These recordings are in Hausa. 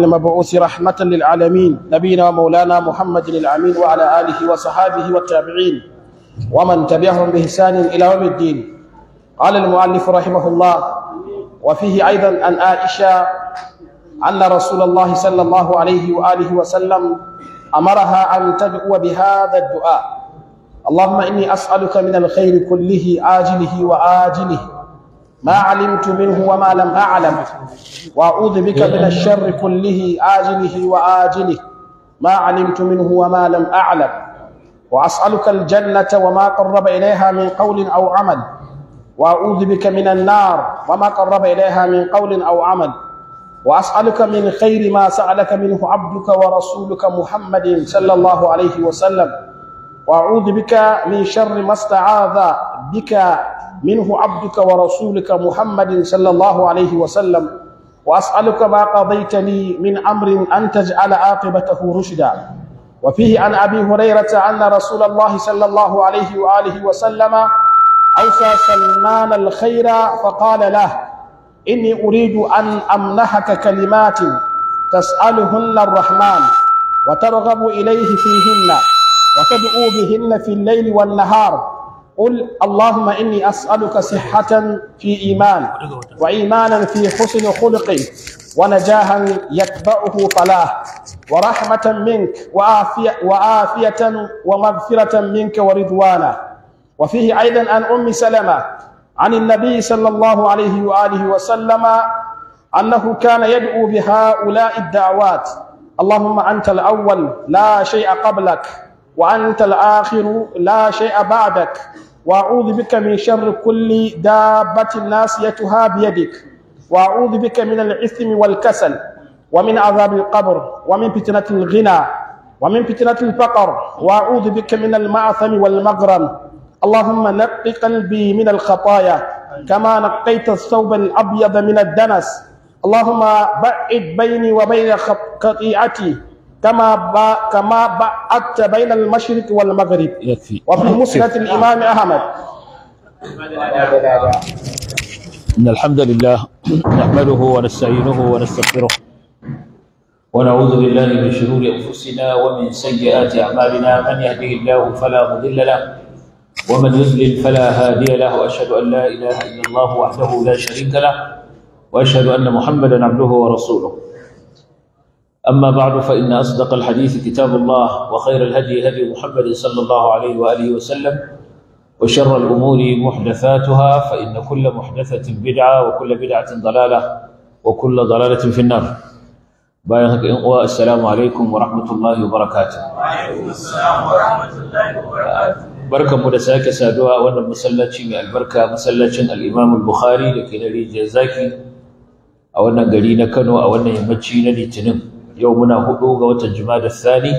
المبعوث رحمة للعالمين نبينا ومولانا محمد الأمين وعلى آله وصحابه والتابعين ومن تبعهم بإحسان إلى يوم الدين قال المؤلف رحمه الله وفيه أيضا أن عائشة أن رسول الله صلى الله عليه وآله وسلم أمرها أن تدعو بهذا الدعاء اللهم إني أسألك من الخير كله عاجله وآجله ما علمت منه وما لم أعلم وأعوذ بك من الشر كله آجله وآجله ما علمت منه وما لم أعلم وأسألك الجنة وما قرب إليها من قول أو عمل وأعوذ بك من النار وما قرب إليها من قول أو عمل وأسألك من خير ما سألك منه عبدك ورسولك محمد صلى الله عليه وسلم وأعوذ بك من شر ما استعاذ بك منه عبدك ورسولك محمد صلى الله عليه وسلم وأسألك ما قضيت لي من أمر أن تجعل عاقبته رشدا وفيه عن أبي هريرة أن رسول الله صلى الله عليه وآله وسلم أوصى سلمان الخير فقال له إني أريد أن أمنحك كلمات تسألهن الرحمن وترغب إليه فيهن وتدعو بهن في الليل والنهار قل اللهم إني أسألك صحة في إيمان وإيمانا في حسن خلق ونجاها يتبعه فلاح ورحمة منك وعافية, وعافية ومغفرة منك ورضوانا وفيه أيضا أن أم سلمة عن النبي صلى الله عليه وآله وسلم أنه كان يدعو بهؤلاء الدعوات اللهم أنت الأول لا شيء قبلك وأنت الآخر لا شيء بعدك وأعوذ بك من شر كل دابة ناسيتها بيدك وأعوذ بك من الإثم والكسل ومن عذاب القبر ومن فتنة الغنى ومن فتنة الفقر وأعوذ بك من المعثم والمغرم اللهم نق قلبي من الخطايا كما نقيت الثوب الأبيض من الدنس اللهم بعد بيني وبين خطيئتي كما با كما بعت بين المشرق والمغرب يكفي وفي مسند الامام احمد ان الحمد لله نحمده ونستعينه ونستغفره ونعوذ بالله من شرور انفسنا ومن سيئات اعمالنا من يهده الله فلا مضل له ومن يضلل فلا هادي له واشهد ان لا اله الا الله وحده لا شريك له واشهد ان محمدا عبده ورسوله أما بعد فإن أصدق الحديث كتاب الله وخير الهدي هدي محمد صلى الله عليه وآله وسلم وشر الأمور محدثاتها فإن كل محدثة بدعة وكل بدعة ضلالة وكل ضلالة في النار بايعك إن السلام عليكم ورحمة الله وبركاته وعليكم السلام ورحمة الله وبركاته بركة مدساك سادوها وأن المسلتي من البركة مسلتي الإمام البخاري لكي نريد جزاكي أو أن قرينا كانوا أو أن يمتشينا لتنم yau muna hudu ga watan Jumada Sani.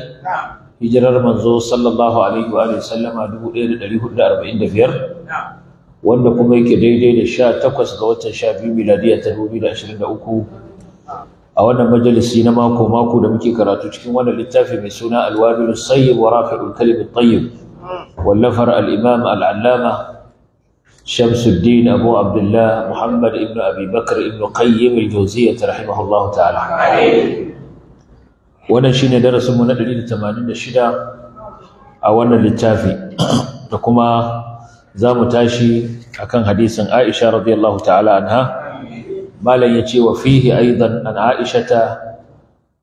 hijirar manzo sallallahu alaihi wa sallama 1445 wanda kuma yake daidai da 18 ga watan 12 miladiya ta 2023 a wannan majalisi na mako mako da muke karatu cikin wannan littafi mai suna Al-Wabil Sayyib wa Rafi'ul Kalim tayyib wallafar al'imam imam al-Allama شمس الدين أبو عبد الله محمد ابن أبي بكر ابن قيم الجوزية wannan shi ne darasinmu na 186 a wannan littafi da kuma za mu tashi a kan hadisin Aisha radiyallahu ta'ala anha malam ya yace wa fihi aidan an Aishata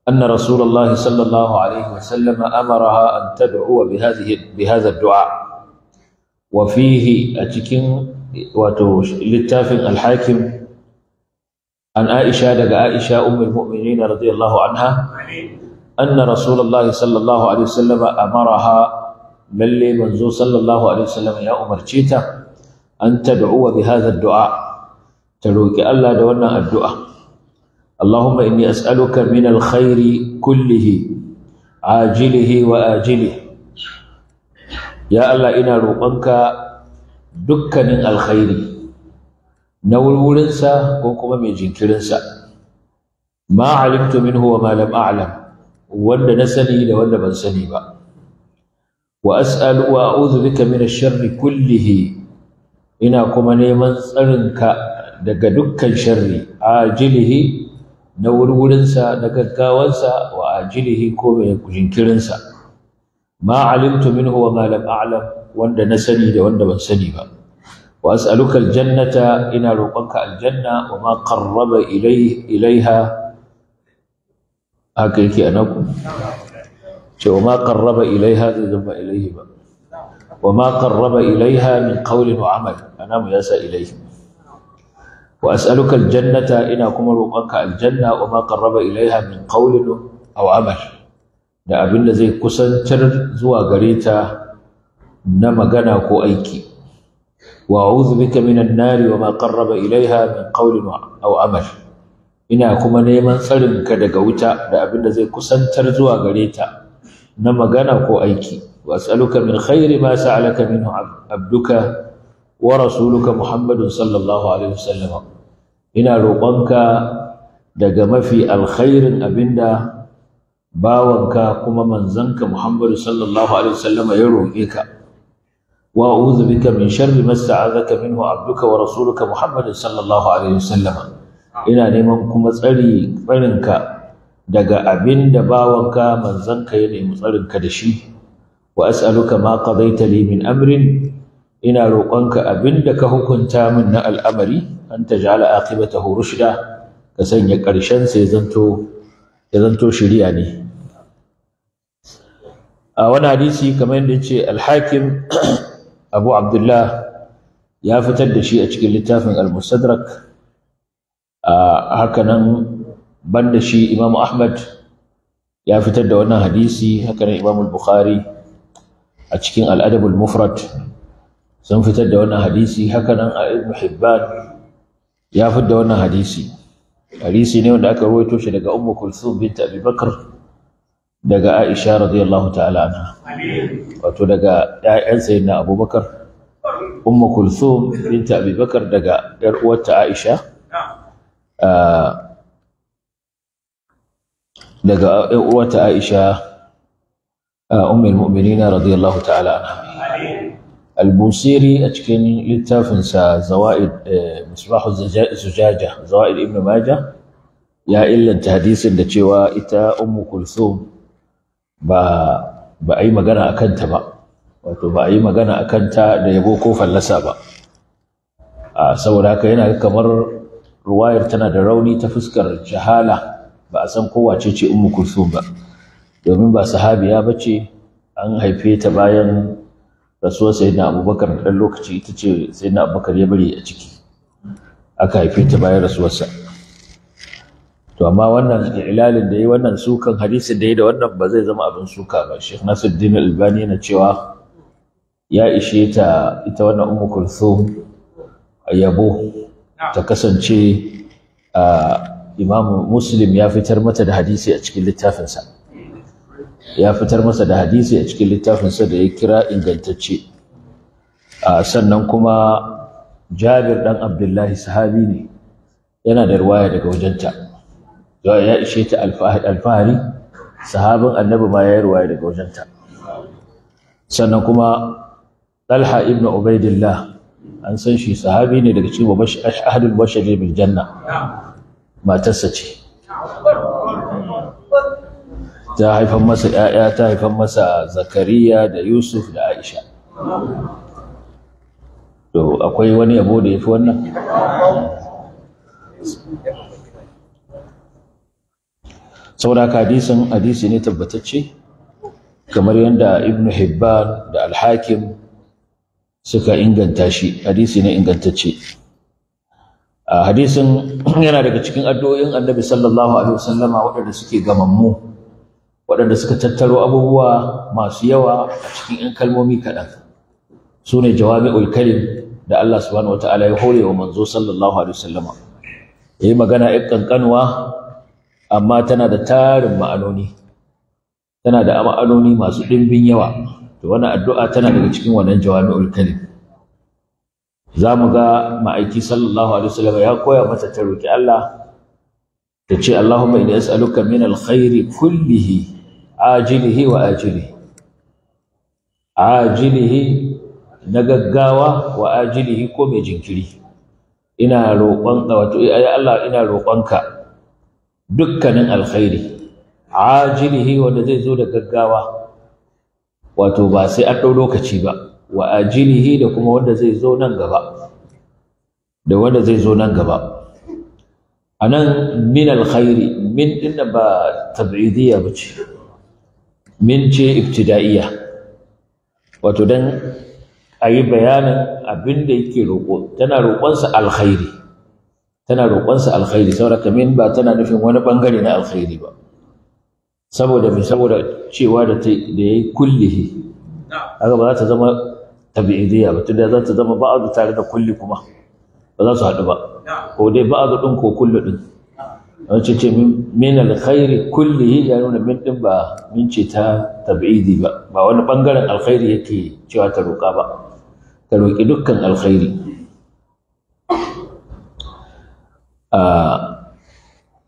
anna Rasulullah sallallahu alaihi wa sallam amaraha an tad'u bi hadhihi bi hadha ad-du'a wa fihi a cikin wato littafin al-Hakim an Aisha daga Aisha ummul mu'minin radiyallahu anha anna rasulullahi sallallahu alaihi wasallam amaraha lalle manzo sallallahu alaihi wasallam ya umarce ta Anta tad'uwa bi hadha ad-du'a ta roki Allah da wannan addu'a Allahuma inni as'aluka min al-khairi kullihi ajilihi wa ajilihi ya Allah ina roƙonka dukkanin alkhairi na wurwurinsa ko kuma mai jinkirinsa ma alimtu minhu wa ma lam a'lam wanda na sani da wanda ban sani ba wa as'alu wa a'udhu bika min ash-sharri kullihi ina kuma neman tsarinka daga dukkan sharri ajilihi na wurwurinsa na gaggawansa wa ajilihi ko mai jinkirinsa ma alimtu minhu wa ma lam a'lam wanda na sani da wanda ban sani ba wa as'aluka jannata, ina roƙonka aljanna wa ma qarraba ilaiha haka yake a naku cewa ma raba ilaiha zai zama ilaihi ba wa ma raba ilaiha min kawulin wa amal namu ya sa ilaihi wa as'aluka jannata ina kuma roƙonka aljanna wa ma raba ilaiha min qawlin aw amal da abin da zai kusantar zuwa gare ta na magana ko aiki wa a'udhu bika minan nari wa ma raba ilaiha min kawulin aw amal ina kuma neman tsarinka daga wuta da abin da zai kusantar zuwa gare ta na magana ko aiki was'aluka min khairi ma alaka min abduka wa rasuluka muhammadun sallallahu alaihi wasallam ina roƙonka daga mafi alkhairin abinda bawanka kuma manzanka muhammadu sallallahu alaihi wasallam ya roƙe ka wa a'udhu bika min sharri ma sa'azaka minhu abduka wa rasuluka muhammadun sallallahu alaihi wasallam ina neman kuma tsari tsarinka daga abin da bawanka manzanka ya nemi tsarinka da shi wa as'aluka ma qadaita li min amrin ina roƙonka abin da ka hukunta min na al'amari an taj'ala aqibatahu rushda ka sanya ƙarshen sai zanto ya zanto shari'a ne a wani hadisi kamar yadda ce al-hakim abu abdullah ya fitar da shi a cikin littafin al musadrak Ah, hakanan banda shi imamu ahmad ya fitar da wannan hadisi hakanan imamu bukhari a cikin al'adabul mufrad sun fitar da wannan hadisi hakanan a ibn hibban ya fitar da wannan hadisi hadisi ne wanda aka rawaito shi daga ummu kulthum bint abi bakr daga aisha radiyallahu ta'ala anha wato daga ƴaƴan sayyidina abubakar ummu kulthum bint abi bakr daga yar uwarta aisha daga ‘yan uwata Aisha ummul mu'minina radiyallahu ta'ala anha al-Busiri a cikin littafinsa zawaid zujaja zawaid ibn Majah ya illanta hadisin da cewa ita ummu kulthum ba ba a yi magana a kanta ba wato ba a yi magana a kanta da yabo ko fallasa ba a saboda haka yana kamar ruwayar tana da rauni ta fuskar jahala ba a san kowace ce ummu kulsum ba domin ba sahabiya ba ce. an haife ta bayan rasuwar na abubakar da ɗan lokaci ita ce na abubakar ya bari a ciki aka haife ta bayan rasuwarsa to amma wannan ilalin da yi wannan sukan hadisin da yi da wannan ba zai zama abin suka ba Sheikh Nasiruddin Albani yana cewa ya ishe ta ita wannan Ummu a yabo ta kasance imam muslim ya fitar mata da hadisi a cikin littafinsa ya fitar masa da hadisi a cikin littafinsa da ya kira ingantacce sannan kuma jabir dan abdullahi sahabi ne yana da ruwaya daga wajenta ya ishe ta alfahari sahabin annabi ma ya yi ruwaya daga wajenta sannan kuma talha ibn ubaidillah an san shi sahabi ne daga cikin babash ashhadul bashari bil janna matarsa ce ta haifan masa ‘ya'ya ta haifan masa zakariya da yusuf da aisha to akwai wani yabo da ya fi wannan saboda hadisin hadisi ne tabbatacce kamar yadda ibnu hibban da alhakim suka inganta shi hadisi ne ingantacce a hadisin yana daga cikin addu'o'in annabi sallallahu alaihi wasallama waɗanda suke gamammu waɗanda suka tattaro abubuwa masu yawa a cikin 'yan kalmomi kaɗan su ne ul kalim da Allah subhanahu wata'ala ya hore wa manzo sallallahu alaihi wasallama ya yi magana ya kankanwa amma tana da tarin ma'anoni tana da ma'anoni masu ɗimbin yawa to wannan addu'a tana daga cikin wannan jawami'ul kalim za mu ga ma'aiki sallallahu alaihi wasallam ya koya mata ta roki Allah ta ce Allahumma inni as'aluka min alkhairi kullihi ajilihi wa ajilihi ajilihi na gaggawa wa ajilihi ko mai jinkiri ina roƙon wato ya Allah ina roƙonka dukkanin alkhairi ajilihi wanda zai zo da gaggawa wato ba sai an ɗau lokaci ba wa ajilihi da kuma wanda zai zo nan gaba da wanda zai zo nan gaba a nan min alkhairi min ɗin ba tab'idiyya ba ce min ce ibtida'iyya wato don a yi bayanin abin da yake roƙo tana roƙonsa alkhairi tana roƙonsa alkhairi saboda min ba tana nufin wani ɓangare na alkhairi ba saboda mai saboda cewa da ta da yayi kullihi kaga ba za ta zama tabi'idiyya ba da za ta zama ba'adu tare da kulli kuma ba za su haɗu ba ko dai ba'adu din ko kulli ɗin. an ce ce min alkhairi kullihi ya nuna min ɗin ba min ce ta tabi'idi ba ba wani bangaren alkhairi yake cewa ta roƙa ba ta roƙi dukkan alkhairi ah,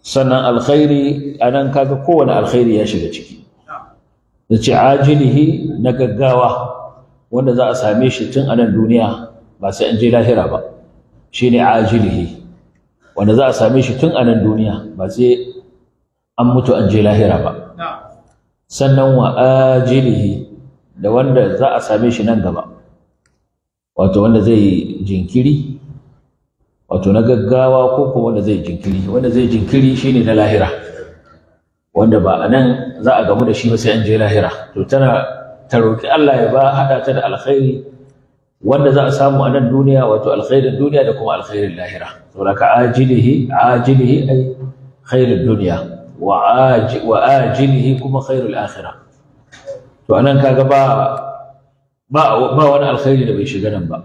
sannan alkhairi a nan kaga kowane alkhairi ya shiga ciki da ce ajilihi na gaggawa wanda za a same shi tun anan duniya ba sai an je lahira ba shine ajilihi wanda za a same shi tun anan duniya ba sai an mutu an je lahira ba sannan wa ajilihi da wanda za a same shi nan gaba wato wanda zai jinkiri wato na gaggawa ko kuma wanda zai jinkiri wanda zai jinkiri shine na lahira wanda ba a nan za a gamu da shi ba sai an je lahira to tana ta roƙi Allah ya ba haɗa ta da alkhairi wanda za a samu a nan duniya wato alkhairin duniya da kuma alkhairin lahira saboda ka ajilihi ajilihi ai khairin duniya wa ajilihi kuma khairul akhirah to anan kaga ba ba wani alkhairi da bai shiga nan ba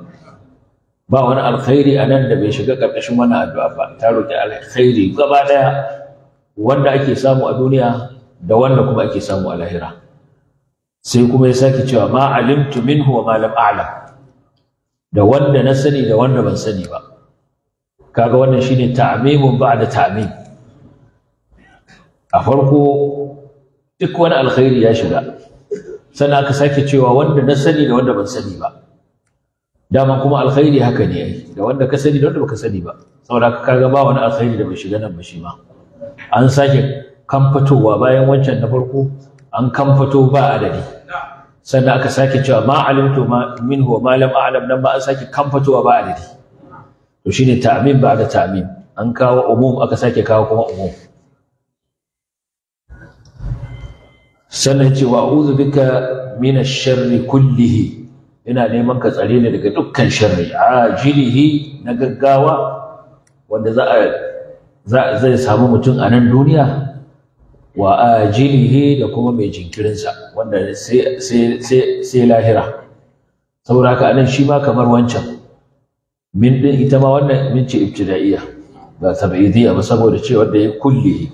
ba wani alkhairi a nan da bai shiga ƙarƙashin wani addu'a ba ta roƙi alkhairi gaba ɗaya wanda ake samu a duniya da wanda kuma ake samu a lahira sai kuma ya sake cewa ma alimtu minhu wa ma lam a'lam da wanda na sani da wanda ban sani ba kaga wannan shine ta'mimun ba'da ta'mim a farko duk wani alkhairi ya shiga sannan aka sake cewa wanda na sani da wanda ban sani ba dama kuma alkhairi haka ne yayi da wanda ka sani da wanda baka sani ba saboda ka kaga ba wani alkhairi da bai shiga nan ba shi ma an sake kamfatowa bayan wancan na farko an kamfato ba adadi sannan aka sake cewa ma alimtu ma minhu ma lam a'lam nan ba an sake kamfatowa ba adadi to shine ta'min ba da ta'min an kawo umum aka sake kawo kuma umum sannan cewa a'udhu bika min ash-sharri kullihi ina neman ka tsare ni daga dukkan sharri jirihi na gaggawa wanda za a zai samu mutum a nan duniya wa a jirihi da kuma mai jinkirinsa wanda sai lahira saboda haka anan shi ma kamar wancan min din ita ma wannan min ce ibtida'iyya ba tabi'idiyya ba saboda ce wanda ya kulle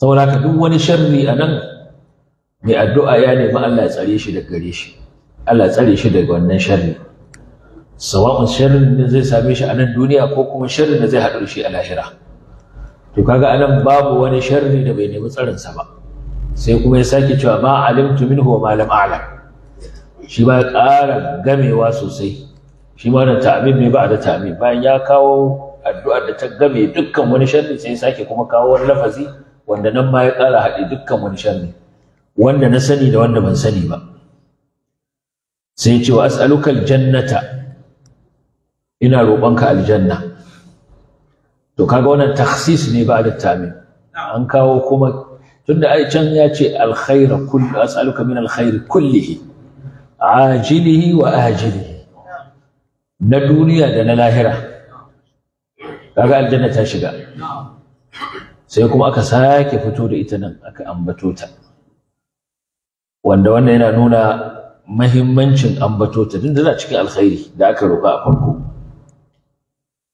saboda haka duk wani sharri anan mai addu'a ya nemi Allah ya tsare shi daga gare shi Allah tsare shi daga wannan sharri sawa'un sharrin da zai same shi a nan duniya ko kuma sharrin da zai haɗu shi a lahira to kaga anan babu wani sharri da bai nemi tsarin sa ba sai kuma ya sake cewa ma alimtu minhu wa ma lam a'lam shi ba ƙara gamewa sosai shi ma da ta'min ne ba da ta'min bayan ya kawo addu'ar da ta game dukkan wani sharri sai ya sake kuma kawo wani lafazi wanda nan ma ya ƙara haɗe dukkan wani sharri wanda na sani da wanda ban sani ba sai ce wa as'aluka aljannata ina roƙonka aljanna to kaga wannan takhsis ne ba da tamin an kawo kuma tunda ai can ya ce alkhaira kullu as'aluka min alkhairi kullihi ajilihi wa ajilihi na duniya da na lahira kaga aljanna ta shiga sai kuma aka sake fito da ita nan aka ambato ta wanda wannan yana nuna mahimmancin ambato ta za a cikin alkhairi da aka roƙa a farko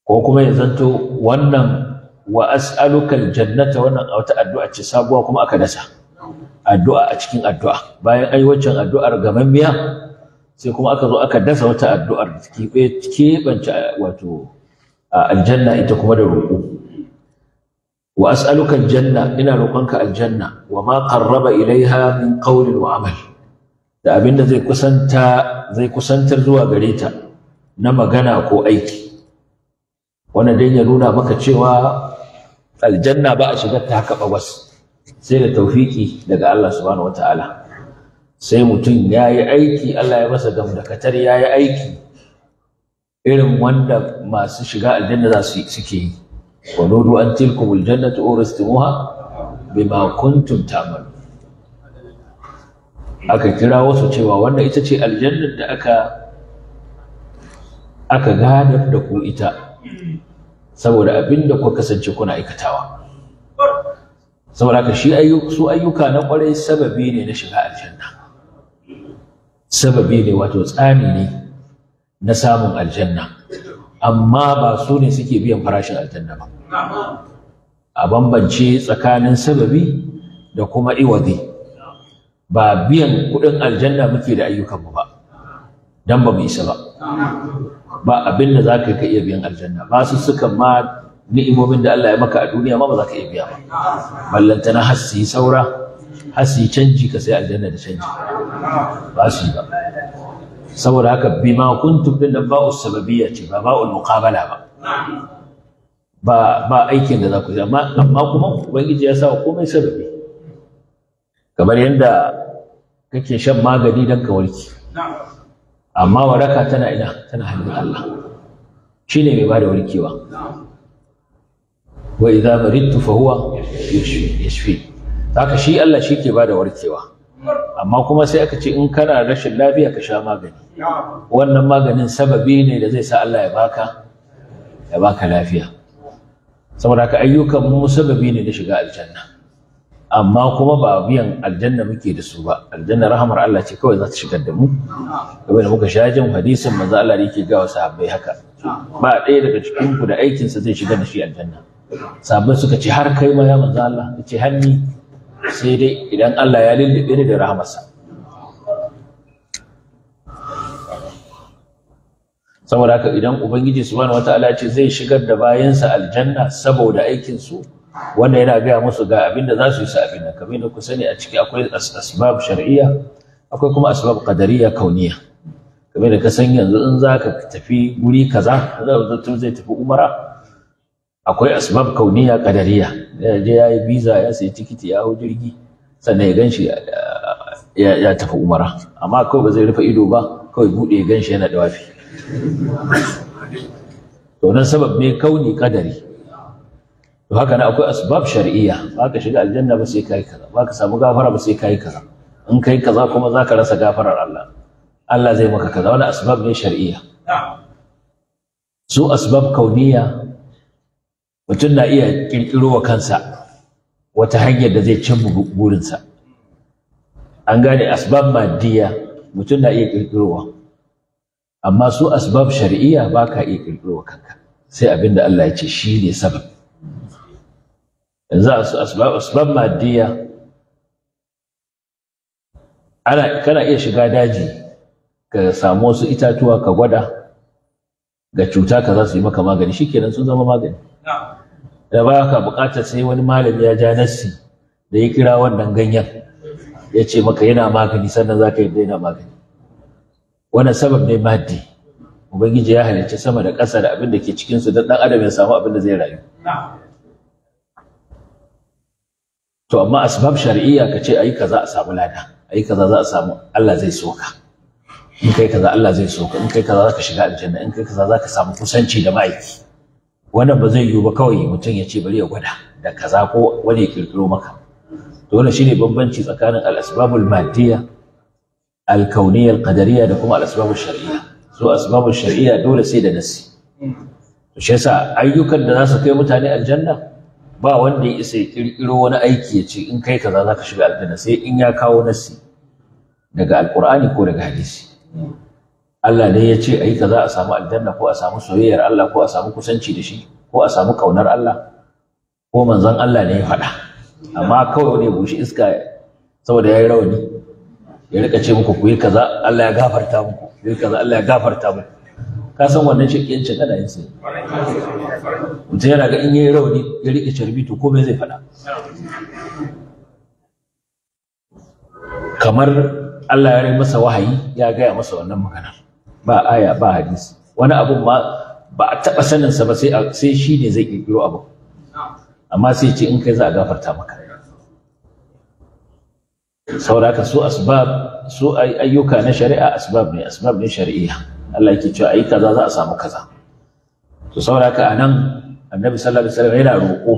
ko kuma ya zanto wannan wa as'aluka aljannata wannan wata addu'a ce sabuwa kuma aka dasa addu'a a cikin addu'a bayan ai waccan addu'ar gaban miya sai kuma aka zo aka dasa wata addu'ar da take keɓance wato aljanna ita kuma da roƙo wa as'aluka aljanna ina roƙonka aljanna wa ma qarraba ilaiha min qawlin wa amal da abin da zai zai kusantar zuwa gare ta na magana ko aiki wannan dan ya nuna maka cewa aljanna ba a shigar ta haka bagwas sai da tawfiki daga Allah subhanahu wataala sai mutum ya yi aiki Allah ya masa gamdakatar ya yi aiki irin wanda masu shiga aljanna za su suke yi wa nudu an tilkumul jannatu uristumuha bima kuntum ta'malu aka kira wasu cewa wannan ita ce aljannar da aka aka da ku ita saboda abin da kuka kasance kuna aikatawa saboda haka shi su ayyuka na kwarai sababi ne na shiga aljanna sababi ne wato tsani ne na samun aljanna amma ba su ne suke biyan farashin aljanna ba a bambance tsakanin sababi da kuma iwadi ba biyan kuɗin aljanna muke da ayyukanmu ba dan ba mu isa ba ba abin da ka iya biyan aljanna ba su suka ma ni'imomin da Allah ya maka a duniya ma ba za ka iya biya ba ballantana har su saura har canji ka sai aljanna da canji ba su ba saboda haka bima kuntum din nan ba'u sababiyya ce ba ba'u muqabala ba ba ba aikin da za ku yi amma amma kuma ubangiji ya sa komai sababi kamar yadda kake shan magani don ka warke amma waraka tana ina tana hannun Allah shi ne mai bada warkewa wa idza maridtu fa huwa yashfi haka shi Allah shi ke bada warkewa amma kuma sai aka ce in kana rashin lafiya ka sha magani wannan maganin sababi ne da zai sa Allah ya baka ya baka lafiya saboda haka ayyukan mu sababi ne na shiga aljanna amma kuma ba biyan aljanna muke da su ba aljanna rahamar Allah ce kawai za ta shigar da mu kamar muka sha jin hadisin manzo Allah yake ga wasu sahabbai haka ba ɗaya daga cikin ku da aikin sa zai shigar da shi aljanna sahabbai suka ce har kai ma ya manzo Allah ce hanni sai dai idan Allah ya lullube ni da rahamarsa saboda haka idan ubangiji subhanahu wataala ce zai shigar da bayansa aljanna saboda aikin su wanda yana gaya musu ga abin da za su yi sa abin nan kamar ku sani a ciki akwai asbab shar'iyya akwai kuma asbab qadariyya kauniya kamar da ka san yanzu in zaka ka tafi guri kaza za zai tafi umara akwai asbab kauniya qadariyya je ya yi visa ya sayi tikiti ya hau jirgi sannan ya ganshi ya tafi umara amma kawai ba zai rufe ido ba kawai buɗe ya ganshi yana dawafi to nan sabab ne kauni kadari to haka nan akwai asbab shar'iyya ba ka shiga aljanna ba sai kai kaza ba ka samu gafara ba sai kai kaza in kai kaza kuma za ka rasa gafarar Allah Allah zai maka kaza wani asbab ne shar'iyya su asbab kauniya mutum na iya ƙirƙiro wa kansa wata hanyar da zai cimma burinsa an gane asbab maddiya mutum na iya ƙirƙirowa. amma su asbab shari'iyya ba ka iya ƙirƙirowa kanka sai abin da Allah ya ce shi ne sabab yanzu asbab maddiya ana kana iya shiga daji ka samu wasu itatuwa ka gwada ga cuta ka za su yi maka magani shikenan sun zama magani da ba ka bukatar sai wani malami ya ja nassi da ya kira wannan ganyen ya ce maka yana magani sannan za ka yi daina magani wannan sabab ne maddi ubangiji ya halicci sama da ƙasa da abin da ke cikinsu don ɗan adam ya samu abin da zai rayu to amma asbab shar'iyya ka ce ai kaza a samu lada ai kaza za a samu Allah zai so ka in kai kaza Allah zai so ka in kai kaza ka shiga aljanna in kai kaza ka samu kusanci da ma'aiki wannan ba zai yiwu ba kawai mutum ya ce bari ya gwada da kaza ko wani ya kirkiro maka Dole shine bambanci tsakanin al madiyya al-kauniyya al-qadariyya da kuma al-asbabul shar'iyya so asbabul shar'iyya dole sai da nasi to shi yasa ayyukan da za su kai mutane aljanna ba wanda ya isa ya kirkiro wani aiki ya ce in kai kaza za ka shiga aljanna sai in ya kawo nasi daga Alƙur'ani ko daga hadisi Allah dai ya ce ayi kaza a samu aljanna ko a samu soyayyar Allah ko a samu kusanci da shi ko a samu kaunar Allah ko manzon Allah ne ya faɗa amma kawai wani ya bushe iska saboda ya yi rawani ya rika ce muku ku yi kaza Allah ya gafarta muku ku yi kaza Allah ya gafarta muku ka san wannan shakiyancin ana yin sai mutum yana ga in yi rauni ya rike carbi to komai zai faɗa kamar Allah ya rai masa wahayi ya gaya masa wannan maganar ba aya ba hadisi wani abun ma ba a taɓa saninsa ba sai shi ne zai ƙirƙiro abin amma sai ce in kai za a gafarta maka sauraka su asbab su ayyuka na shari'a asbab ne asbab ne shari'a Allah yake cewa ayi kaza za a samu kaza to saboda haka anan annabi sallallahu alaihi wasallam yana roƙo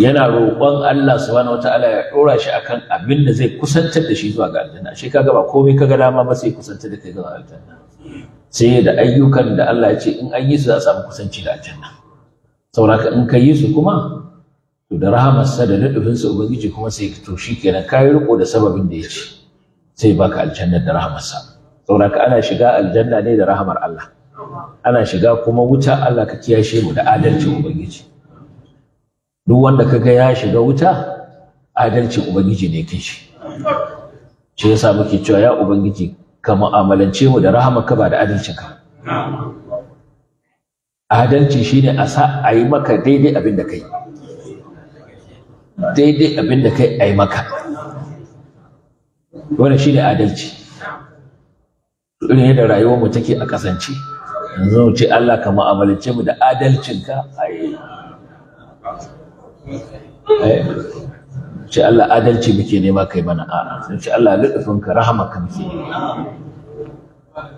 yana roƙon Allah subhanahu wataala ya dora shi akan abin da zai kusantar da shi zuwa ga aljanna shi kaga ba komai kaga dama ba sai kusantar da kai zuwa aljanna sai da ayyukan da Allah ya ce in an yi su za a samu kusanci da aljanna saboda haka in ka yi su kuma to da rahamarsa da nadufinsa ubangiji kuma sai to shikenan kayi riko da sababin da ya ce sai baka aljanna da rahamarsa saboda ana shiga aljanna ne da rahamar Allah ana shiga kuma wuta Allah ka kiyashe mu da adalcin ubangiji duk wanda kaga ya shiga wuta adalcin ubangiji ne yake shi shi yasa muke cewa ya ubangiji ka mu'amalance mu da ka ba da ka. adalci shine a sa a yi maka daidai abin da kai daidai abin da kai a yi maka wannan shine adalci ne da rayuwar mu take a kasance yanzu mu ce Allah ka mu'amalance mu da adalcinka ai eh. ce Allah adalci muke nema kai mana a'a sun ce Allah rahama rahamaka muke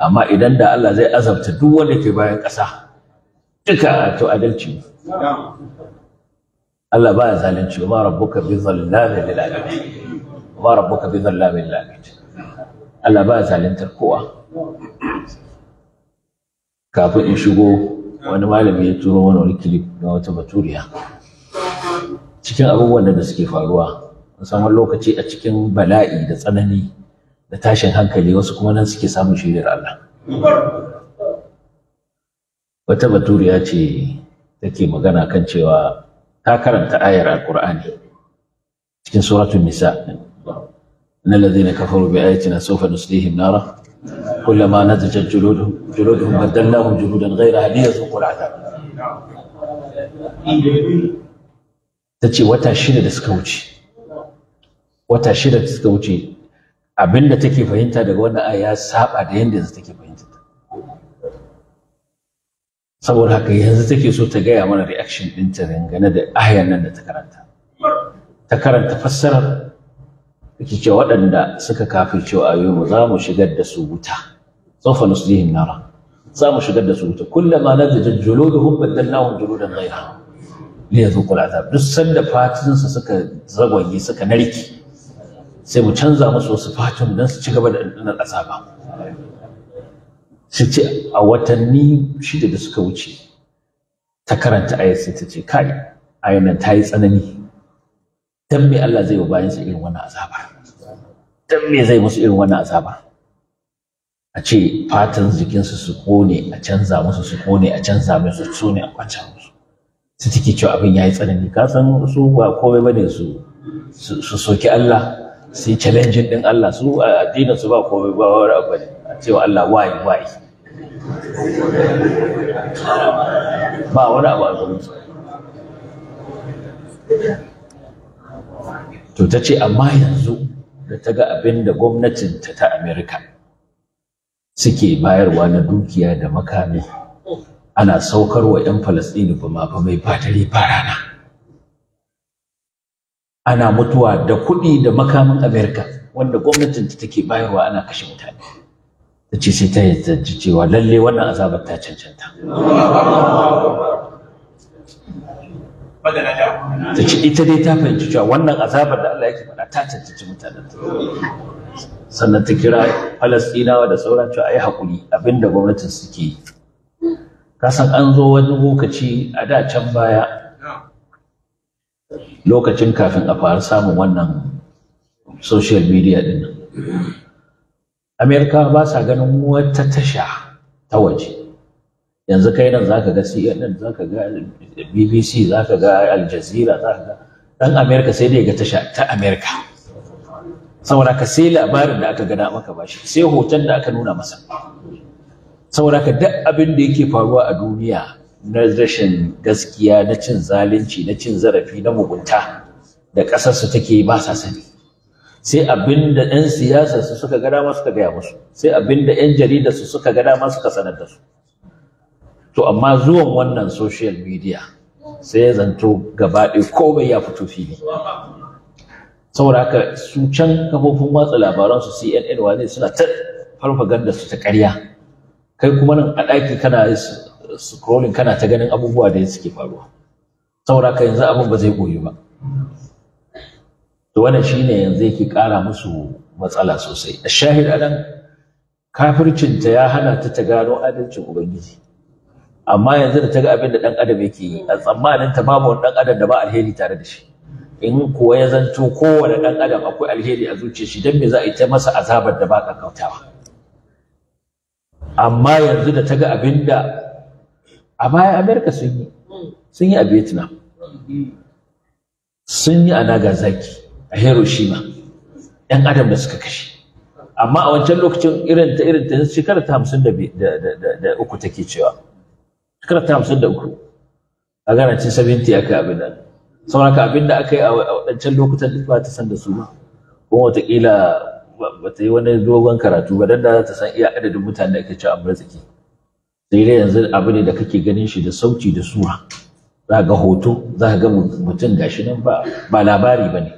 amma idan da Allah zai azabta duk wanda ke bayan ƙasa duka to adalci Allah ba ya zalunci ba rabbuka bi zallamin lil alamin ba rabbuka bi zallamin lil alamin Allah ba ya zaluntar kowa kafin in shigo wani malami ya turo wani wani clip na wata baturiya cikin abubuwan da suke faruwa musamman lokaci a cikin bala'i da tsanani da tashin hankali wasu kuma nan suke samun shirin Allah wata baturiya ce take magana kan cewa ta karanta ayar alkur'ani cikin suratun nisa na lazina kafaru bi ayatina sawfa nuslihim nara كلما نضجت جلودهم جلودهم بدلناهم جلودا غيرها ليذوقوا العذاب ta ce wata shida da suka wuce wata shida da suka wuce abinda take fahimta daga wannan aya ya saba da yanda yanzu take fahimta saboda haka yanzu take so ta gaya mana reaction ɗinta dangane da ayan nan da ta karanta ta karanta fassarar yake cewa waɗanda suka kafirce ayoyinmu za mu shigar da su wuta sawfa nuslihin nara za mu shigar da su wuta kullama nadijat juluduhum badalnahum juludan ghayraha liyazuqu al'azab duk sanda fatinsa suka zagwaye suka narki sai mu canza musu wasu fatin don su ci gaba da ɗanɗanar azaba su ce a watanni shida da suka wuce ta karanta ayat sai ta ce kai ayan nan ta yi tsanani dan me Allah zai wa bayansa irin wannan azaba dan me zai musu irin wannan azaba a ce fatan jikinsu su kone a canza musu su kone a canza musu su ne a kwanta musu su take cewa abin ya yi tsanani ka san su ba komai bane su su soki Allah sai yi challenging din Allah su a addinin su ba komai ba wani abu ne a cewa Allah why why ba wani abu a gurin to ta ce amma yanzu da ta ga abin da gwamnatinta ta ta amerika suke bayarwa na dukiya da makami ana saukar wa 'yan falasɗini ba ba mai batare ba rana ana mutuwa da kuɗi da makamin amerika wanda gwamnatin ta take bayarwa ana kashe mutane ta ce sai ta yi cewa lalle wannan azabar ta cancanta ta ita dai ta fahimci cewa wannan azabar da Allah yake faɗa ta cancanci mutanen ta sannan ta kira falastinawa da sauran cewa yi hakuri da gwamnatin suke yi kasan an zo wani lokaci a da can baya lokacin kafin a fara samun wannan social media din amerika ba sa ganin wata tasha ta waje yanzu kai nan zaka ga CNN zaka ga BBC zaka ga Al Jazeera zaka ga dan America sai dai ga tasha ta America saboda ka sai labarin da aka gada maka bashi sai hoton da aka nuna masa saboda ka duk abin da yake faruwa a duniya na rashin gaskiya na cin zalunci na cin zarafi na mugunta da ƙasarsu take ba sa sani sai abin da 'yan siyasa su suka gada masu ka gaya musu sai abin da 'yan jarida su suka gada masu ka sanar da su to amma zuwan wannan social media sai ya zanto gaba ɗaya komai ya fito fili saboda haka su can kafofin watsa labaran su CNN wane suna ta farfaganda su ta karya. kai kuma nan a ɗaki kana scrolling kana ta ganin abubuwa da suke faruwa saboda haka yanzu abin ba zai koyi ba to wannan shine yanzu yake ƙara musu matsala sosai a shahid anan kafircinta ya hana ta ta gano adalcin ubangiji amma yanzu da ta ga abin da ɗan adam yake yi a tsammanin ta babu wani ɗan adam da ba alheri tare da shi in kuwa ya zanto kowane ɗan adam akwai alheri a zuciyar shi don me za a yi ta masa azabar da ba ƙaƙƙautawa amma yanzu da ta ga abin da a baya amerika sun yi sun yi a vietnam sun yi a nagasaki a hiroshima ɗan adam da suka kashe amma a wancan lokacin irin ta irin ta shekarar ta hamsin da uku take cewa shekara ta hamsin da uku a gana cin sabinti aka abin nan abin da aka yi a waɗancan lokutan duk ba ta san da su ba kuma wataƙila ba ta yi wani dogon karatu ba dan da za ta san iya adadin mutane da ake ci a arziki sai dai yanzu abu ne da kake ganin shi da sauti da suwa. za ga hoto za ga mutum gashi nan ba ba labari ba ne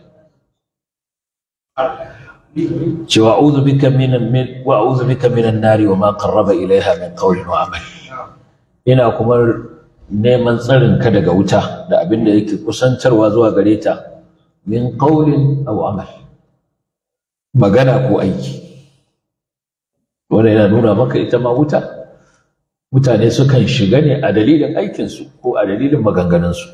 cewa a'udhu bika minan minan nari wa ma qarraba ilaiha min qawlin wa amal ina kuma neman tsarin ka daga wuta da abin da yake kusantarwa zuwa gare ta min qaulin aw amal magana ko aiki wannan yana nuna maka ita ma wuta mutane sukan shiga ne a dalilin aikinsu ko a dalilin maganganunsu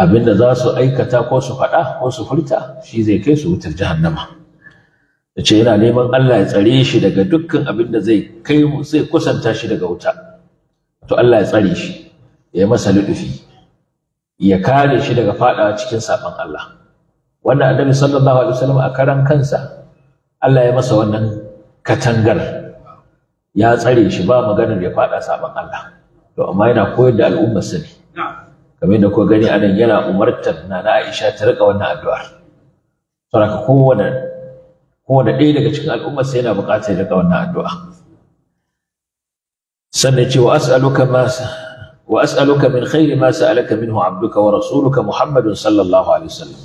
da za su aikata ko su faɗa ko su furta shi zai kai su wutar jahannama da ce yana neman Allah ya tsare shi daga dukkan abin da zai kai zai kusanta shi daga wuta to Allah ya tsare shi ya masa ludufi ya kare shi daga fadawa cikin saban Allah wannan annabi sallallahu alaihi wasallam a karan kansa Allah ya masa wannan katangar ya tsare shi ba maganar ya fada saban Allah to amma yana koyar da al'ummar sa ne kamar da kuka gani anan yana umartar na na Aisha ta rika wannan addu'a saboda kowane kowane ɗaya daga cikin al'ummar sa yana buƙatar ya rika wannan addu'a sannan ce wa as'aluka ma wa as'aluka min khairi ma sa'alaka minhu abduka wa rasuluka muhammadun sallallahu alaihi wasallam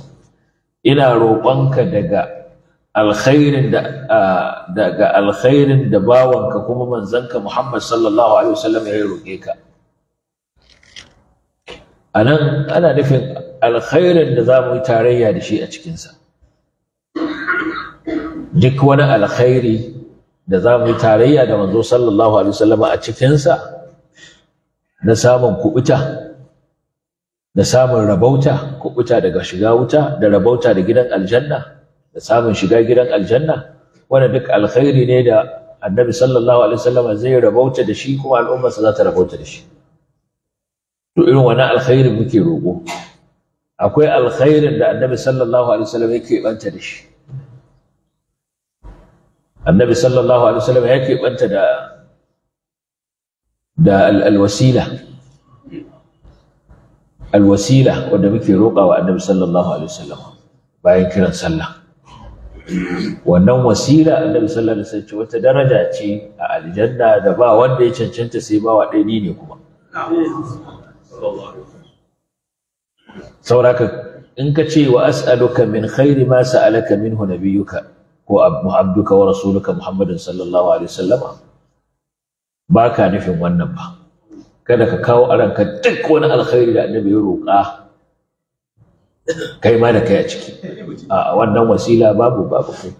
ina roƙonka daga alkhairin da daga alkhairin da bawanka kuma manzanka muhammad sallallahu alaihi wasallam ya roƙe ka anan ana nufin alkhairin da za mu yi tarayya da shi a cikinsa duk wani alkhairi da za mu yi tarayya da manzo sallallahu alaihi wasallam a cikinsa na samun kubuta da samun rabauta kubuta daga shiga wuta da rabauta da gidan aljanna da samun shiga gidan aljanna wanda duk alkhairi ne da annabi sallallahu alaihi wasallam zai rabauta da shi kuma al'ummarsa za ta rabauta da shi to irin wannan alkhairi muke roƙo akwai alkhairin da annabi sallallahu alaihi wasallam yake banta da shi annabi sallallahu alaihi wasallam ya keɓanta da da alwasila alwasila muke roƙa wa annabi sallallahu alaihi wasallam bayan kiran sallah wannan wasila annabi sallallahu alaihi wasallam ce wata daraja ce a aljanna da ba wanda ya cancanta sai ba wa ɗaya ne kuma sauraka in ka ce wa as'aluka min khairi ma sa'alaka minhu nabiyuka ko abduka wa rasuluka muhammadin sallallahu alaihi wasallama ba ka nufin wannan ba kada ka kawo a ranka duk wani alkhairi da annabi ya roƙa kai ma da kai a ciki a wannan wasila babu babu kai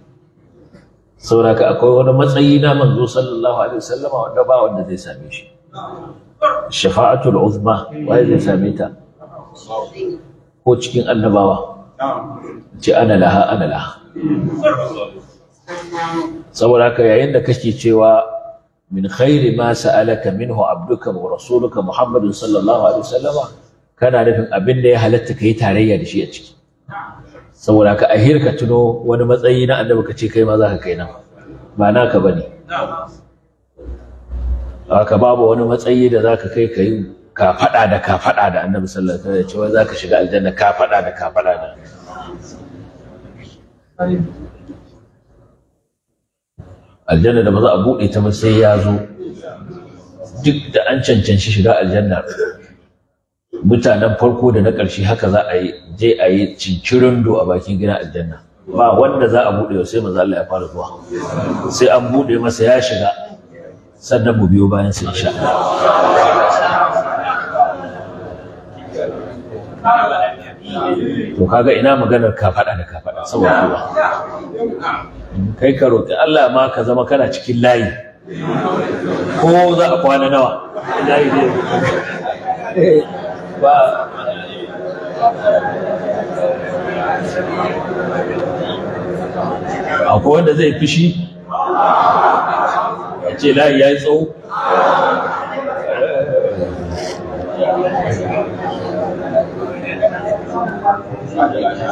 ka akwai wani matsayi na manzo sallallahu alaihi wasallama wanda ba wanda zai same shi shafa'atul uzma wai zai same ta ko cikin annabawa ce ana laha ana laha saboda haka yayin da kake cewa min khairi ma sa'alaka minhu abduka wa rasuluka muhammadun sallallahu alaihi wasallama kana nufin abin da ya halatta kai tarayya da shi a ciki saboda haka ahir ka tuno wani matsayi na annabi ka ce kai ma zaka kai nan ba naka bane haka babu wani matsayi da zaka kai kai ka fada da ka fada da annabi sallallahu alaihi wasallam cewa zaka shiga aljanna ka fada da ka fada da aljanna da ba za a buɗe ta ba sai ya zo duk da an cancanci shiga aljanna mutanen farko da na ƙarshe haka za a yi je a yi cincirin do a bakin gina aljanna ba wanda za a buɗe sai manzo Allah ya fara zuwa sai an buɗe masa ya shiga sannan mu biyo bayan sun insha Allah to kaga ina maganar ka faɗa da ka faɗa saboda kai ka roƙi Allah ma ka zama kana cikin layi ko za a kwana nawa layi ne eh, ba akwai wanda zai fishi ya ce layi ya yi tsawo yace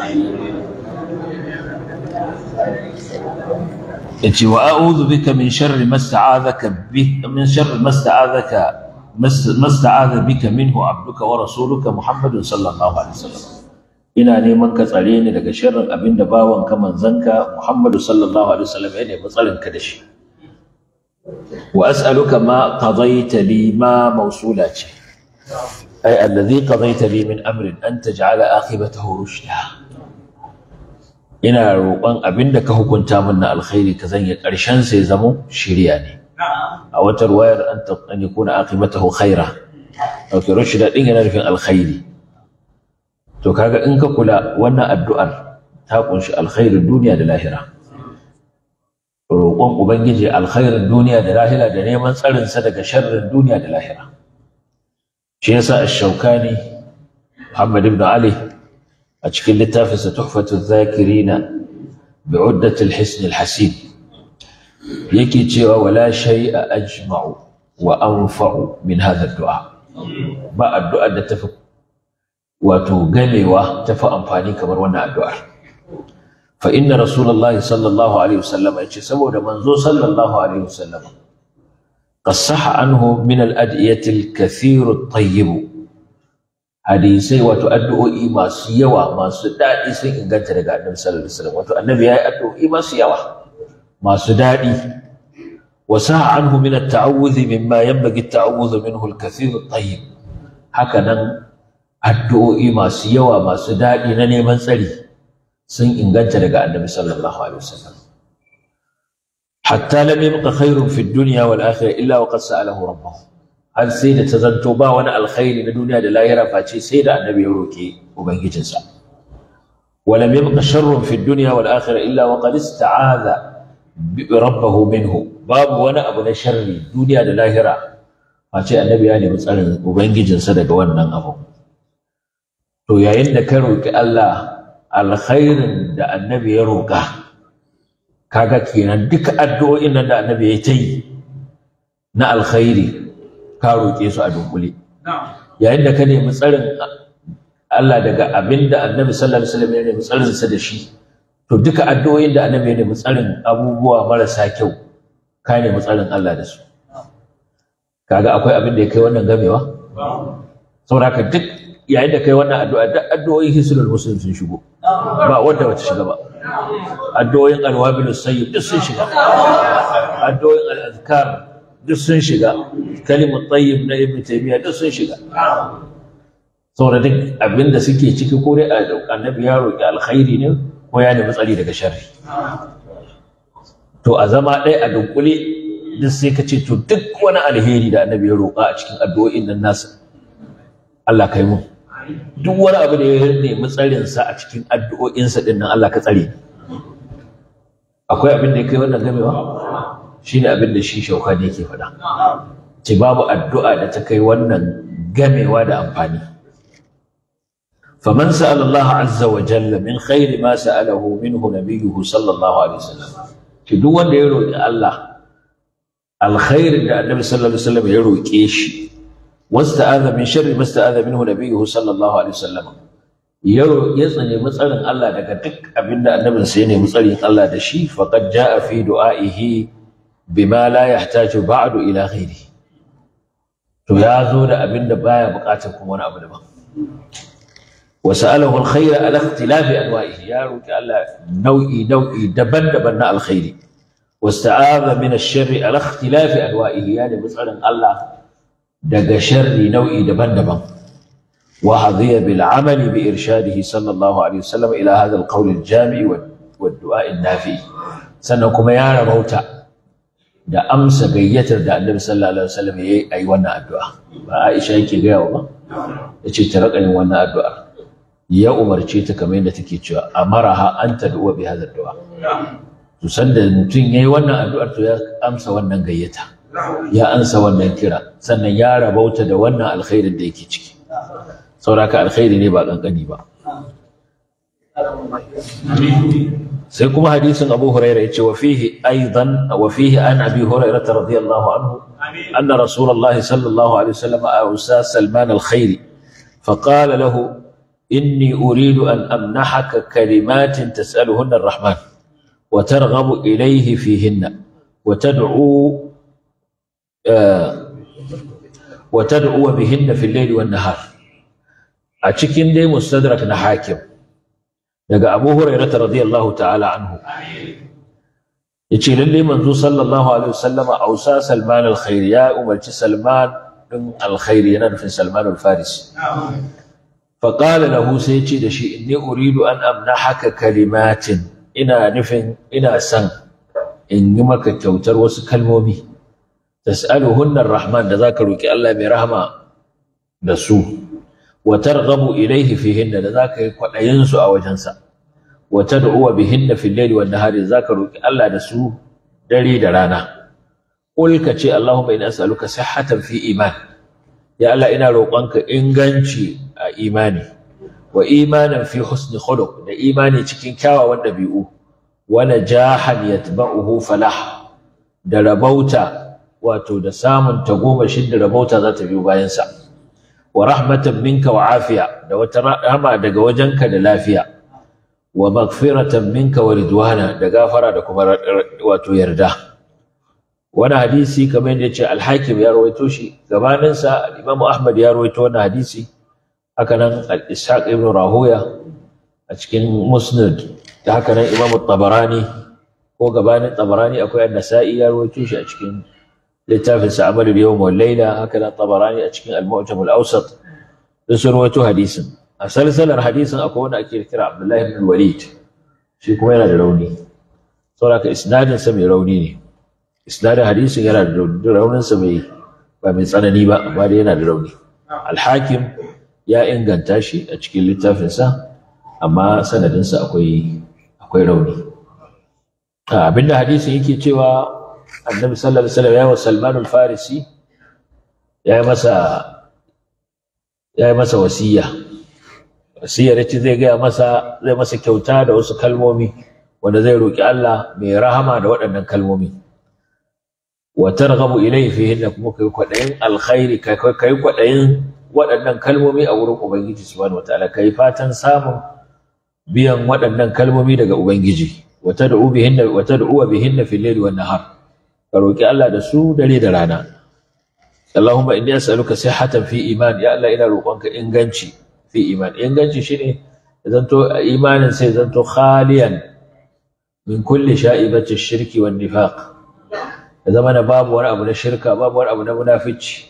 wa a'udhu bika min sharri ma min sharri bika minhu abduka wa rasuluka muhammadun sallallahu alaihi wasallam ina neman ka tsare ni daga sharrin abinda bawan ka manzanka muhammadu sallallahu alaihi wasallam ya tsarin ka da shi wa as'aluka ma qadaita li ma mawsula ce أي الذي قضيت لي من أمر أن تجعل آخبته رشدا ina roƙon abin da ka hukunta min na alkhairi ka zanya ƙarshen sai zamo shirya ne a wata ruwayar an an yakuna aqibatahu khaira okay rashida din yana nufin alkhairi to kaga in ka kula wannan addu'ar ta kunshi alkhairin duniya da lahira roƙon ubangiji alkhairin duniya da lahira da neman tsarinsa daga sharrin duniya da lahira shi yasa ash-shawkani Muhammad ibn Ali a cikin littafinsa tuhfatu zakirina bi'uddat al-hisn al-hasin yake cewa wala shay'a ajma'u wa anfa'u min hadha ad-du'a ba addu'a da tafi wato gamewa tafi amfani kamar wannan addu'ar fa inna rasulullahi sallallahu alaihi wasallam ya ce saboda manzo sallallahu alaihi wasallam قد صح عنه من الأدعية الكثير الطيب hadisai wato addu'o'i masu yawa masu daɗi sun inganta daga annabi sallallahu alaihi wasallam wato annabi yayi addu'o'i masu yawa masu daɗi wa sa'a anhu min at-ta'awudh mimma yanbaghi at-ta'awudh minhu haka nan addu'o'i masu yawa masu daɗi na neman tsari sun inganta daga annabi sallallahu hatta lam yabqa khairun fi dunya wal akhirah illa wa qad sa'alahu rabbahu har sai da ta zanto ba wani alkhairi na duniya da lahira face sai da annabi ya roke ubangijinsa ولم يبق شر في الدنيا والآخرة إلا وقد استعاذ ربه منه باب وانا أبو شر الدنيا للاهرة فأتي النبي يعني مسألة وبنجي جنسة وانا أبو تو يا إن كروك الله الخير da annabi ya roƙa kaga kenan duka addu'o'in nan da annabi ya ta yi na alkhairi ka roƙe su a dunkule yayin da ka nemi tsarin Allah daga abin da annabi sallallahu alaihi wasallam ya nemi tsarin tsarinsa da shi to duka addu'o'in da annabi ya nemi tsarin abubuwa marasa kyau ka nemi tsarin Allah da su kaga akwai abin da ya kai wannan gamewa saboda ka duk yayin da kai wannan addu'a duk addu'o'in hisulul muslim sun shigo ba wanda wata shiga ba addu'o'in alwabil sayyid duk sun shiga addu'o'in al'azkar duk sun shiga kalimat tayyib na ibn taymiya duk sun shiga saboda duk abin da suke ciki ko dai annabi ya roƙi alkhairi ne ko ya nemi tsari daga sharri to a zama ɗaya a dunkule duk sai ka ce to duk wani alheri da annabi ya roƙa a cikin addu'o'in nan nasu Allah kai mu duk wani abu da ya nemi tsarinsa a cikin addu'o'insa din nan Allah ka tsare akwai abin da ya kai wannan gamewa shine abin da shi shauka ne yake faɗa ce babu addu'a da ta kai wannan gamewa da amfani faman sa'ala Allah azza wa jalla min khairi ma sa'alahu minhu nabiyuhu sallallahu alaihi wasallam ki duk wanda ya roki Allah alkhairin da Annabi sallallahu alaihi ya roke shi wasta'adha min sharri masta'adha minhu nabiyuhu sallallahu alaihi wasallam yaro ya tsane matsarin Allah daga duk abinda annabin sa ya nemi Allah da shi faqad jaa fi du'aihi bima la yahtaju ba'du to ya zo da abinda baya bukatar kuma wani abu daban وسأله الخير على اختلاف أنوائه يا روك الله نوئي نوئي دبن دبن الخير واستعاذ من الشر على اختلاف أنوائه يعني مثلا Allah. daga sharri nau'i daban-daban wa hadhiya bil amali bi irshadihi sallallahu alaihi wasallam ila hadha al qawl al jami' wa du'a al nafi sannan kuma ya rabauta da amsa gayyatar da annabi sallallahu alaihi wasallam yayi ayi wannan addu'a ba Aisha yake gaya wa ba yace ta raka yin wannan addu'a ya umarce ta kamar yadda take cewa amaraha an tad'u bi hadha du'a. to sanda mutum yayi wannan addu'ar to ya amsa wannan gayyata ya ansa wannan kira sannan ya rabauta da wannan alkhairin da yake ciki sauraka alkhairi ne ba kankani ba sai kuma hadisin Abu ya ce wa fihi aidan wa fihi an Abi Hurairah radiyallahu anhu anna Rasulullah sallallahu alaihi wasallam awsa Salman al-Khairi فقال له إني أريد أن أمنحك كلمات تسألهن الرحمن وترغب إليه فيهن وتدعو wa uwa bihinna fil layli wan har. a cikin dai mustadrak na hakim daga Abu Hurairah radiyallahu ta'ala anhu yace lalle manzo sallallahu alaihi wasallama ausa Salman al ya umarci Salman ɗin, alkhairi khair yana nufin Salman Alfaris. farisi fa qala lahu yace da shi inni uridu an haka kalimatin ina nufin ina san in yi maka kyautar wasu kalmomi tas'aluhunna ar-rahman da zaka roki Allah mai rahama da su wa targhabu ilayhi fihinna da zaka yi kwadayin su a wajensa wa tad'u bihinna fil layli wan nahari zaka roki Allah da su dare da rana qul ka ce Allahumma inna as'aluka sihhatan fi iman ya Allah ina roƙonka inganci a imani wa imanan fi husni khuluq da imani cikin kyawawan dabi'u wa najahan yatba'uhu falah da rabauta wato da samun shidda da rabauta za ta biyo bayansa wa rahmatan minka wa afiya da wata rahama daga wajenka da lafiya wa magfiratan minka wa ridwana da gafara da kuma wato yarda wani hadisi kamar yadda ce alhakim ya rawaito shi gabaninsa al'imamu ahmad ya rawaito wani hadisi haka nan al'ishaq ibn rahuya a cikin musnad da haka nan imamu tabarani ko gabanin tabarani akwai annasa'i ya rawaito shi a cikin littafin sa amalul yawm wal layla haka da tabarani a cikin al-mu'jam al-awsat da sunwatu hadisin a salsalar hadisin akwai wanda ake kira Abdullahi ibn Walid shi kuma yana da rauni saboda isnadin sa mai rauni ne isnadin hadisin yana da raunin sa mai ba mai tsanani ba amma dai yana da rauni al-hakim ya inganta shi a cikin littafin sa amma sanadin sa akwai akwai rauni abinda hadisin yake cewa annabi sallallahu alaihi wasallam wa Salman farisi ya masa ya masa wasiya wasiyar ce zai gaya masa kyauta da wasu kalmomi wanda zai roki Allah mai rahama da waɗannan kalmomi wa targhabu ilayhi fihinna kuma kai kwadayin alkhairi kai kai waɗannan kalmomi a wurin ubangiji subhanahu wataala kai fatan samun biyan waɗannan kalmomi daga ubangiji wa tad'u bihinna wa ka roƙi Allah da su dare da rana Allahumma inni as'aluka sihhatan fi iman ya Allah ina roƙonka inganci fi iman inganci shine zanto imanin sai zanto khaliyan min kulli sha'ibati shirki wan nifaq ya zama na babu wani abu na shirka babu wani abu na munafici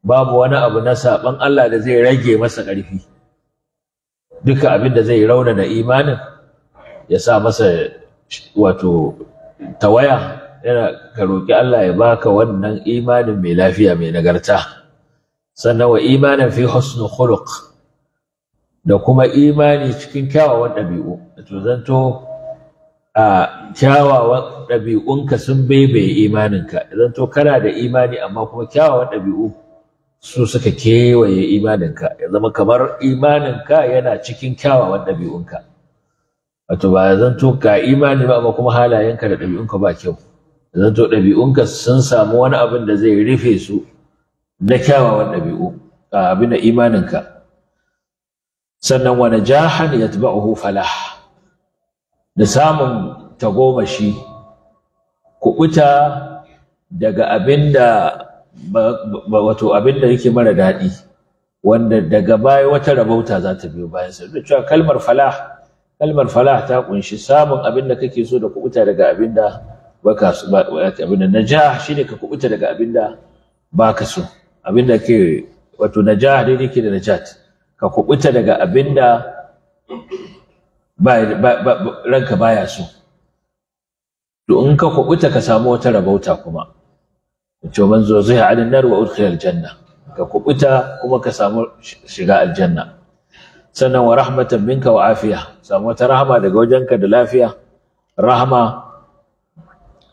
babu wani abu na saban Allah da zai rage masa ƙarfi duka abin da zai raunana imanin ya sa masa wato tawaya yana ka roƙi Allah ya baka wannan imanin mai lafiya mai nagarta sannan wa imanin fi husnul khuluq da kuma imani cikin kyawawan ɗabi'u to zanto a kyawawan ɗabi'unka sun baibaye imaninka zanto kana da imani amma kuma kyawawan ɗabi'u su suka kewaye imaninka ya zama kamar imaninka yana cikin kyawawan ɗabi'unka wato ba zanto ga imani ba amma kuma halayenka da ɗabi'unka ba kyau zanto ɗabi'unka sun samu wani abin da zai rufe su na kyawawan ɗabi'u a abin da imaninka sannan wani jahan ya taɓa falah da samun tagomashi kuɓuta daga abin wato abin da yake mara daɗi wanda daga baya wata rabauta za ta biyo bayan sa cewa kalmar falah kalmar falah ta kunshi samun abin da kake so da kuɓuta daga abin da baka su ba abin da najah shine ka kubuta daga abin da baka so abin da ke wato najah dai ke da najat ka kubuta daga abin da ranka baya so to in ka kubuta ka samu wata rabauta kuma ce man zo zai alin nar wa udkhil aljanna ka kubuta kuma ka samu shiga aljanna sannan wa rahmatan minka wa afiya samu wata rahama daga wajenka da lafiya rahama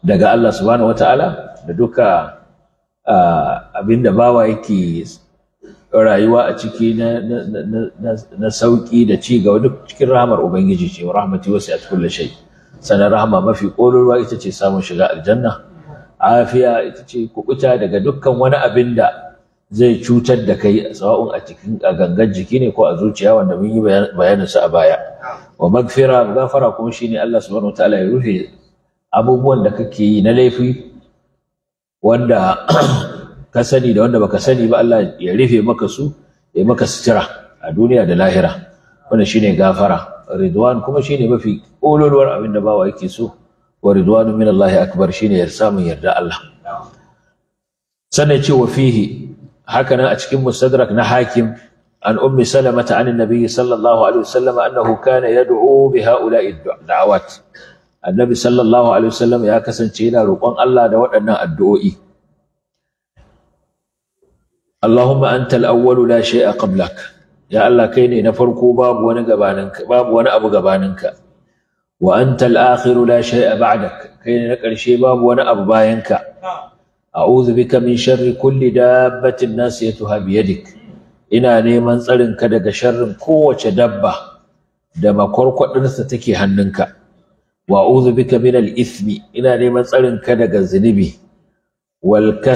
daga Allah subhanahu wataala da duka abinda bawa yake rayuwa a ciki na sauƙi da ci gaba duk cikin rahamar ubangiji ce wa rahmati wasu a cikin shai sannan rahama mafi ƙololuwa ita ce samun shiga aljanna afiya ita ce kukuta daga dukkan wani abin da zai cutar da kai sawa'un a cikin a gangan jiki ne ko a zuciya wanda mun yi bayanin a baya wa magfira gafara kuma shine Allah subhanahu wataala ya rufe abubuwan da kake yi na laifi wanda ka sani da wanda baka sani ba Allah ya rufe maka su ya maka sutura a duniya da lahira wannan shine gafara ridwan kuma shine mafi kololuwar abin da bawa yake so wa ridwan min Allah akbar shine ya samu yarda Allah sannan ce wa fihi haka nan a cikin musadrak na hakim an ummi ta an annabi sallallahu alaihi wasallam annahu kana yad'u bi ha'ula'i da'awat annabi sallallahu alaihi wasallam ya kasance yana roƙon Allah da waɗannan addu'o'i Allahumma antal awwalu la shay'a qablak ya Allah kai ne na farko babu wani gabaninka babu wani abu gabaninka wa antal akhiru la shay'a ba'dak kai ne na ƙarshe babu wani abu bayanka a'udhu bika min sharri kulli dabbatin nasiyatuha bi yadik ina neman tsarinka daga sharrin kowace dabba da makwarkwadinsa take hannunka wa a'udhu bika min al ina neman tsarin ka daga zunubi wal da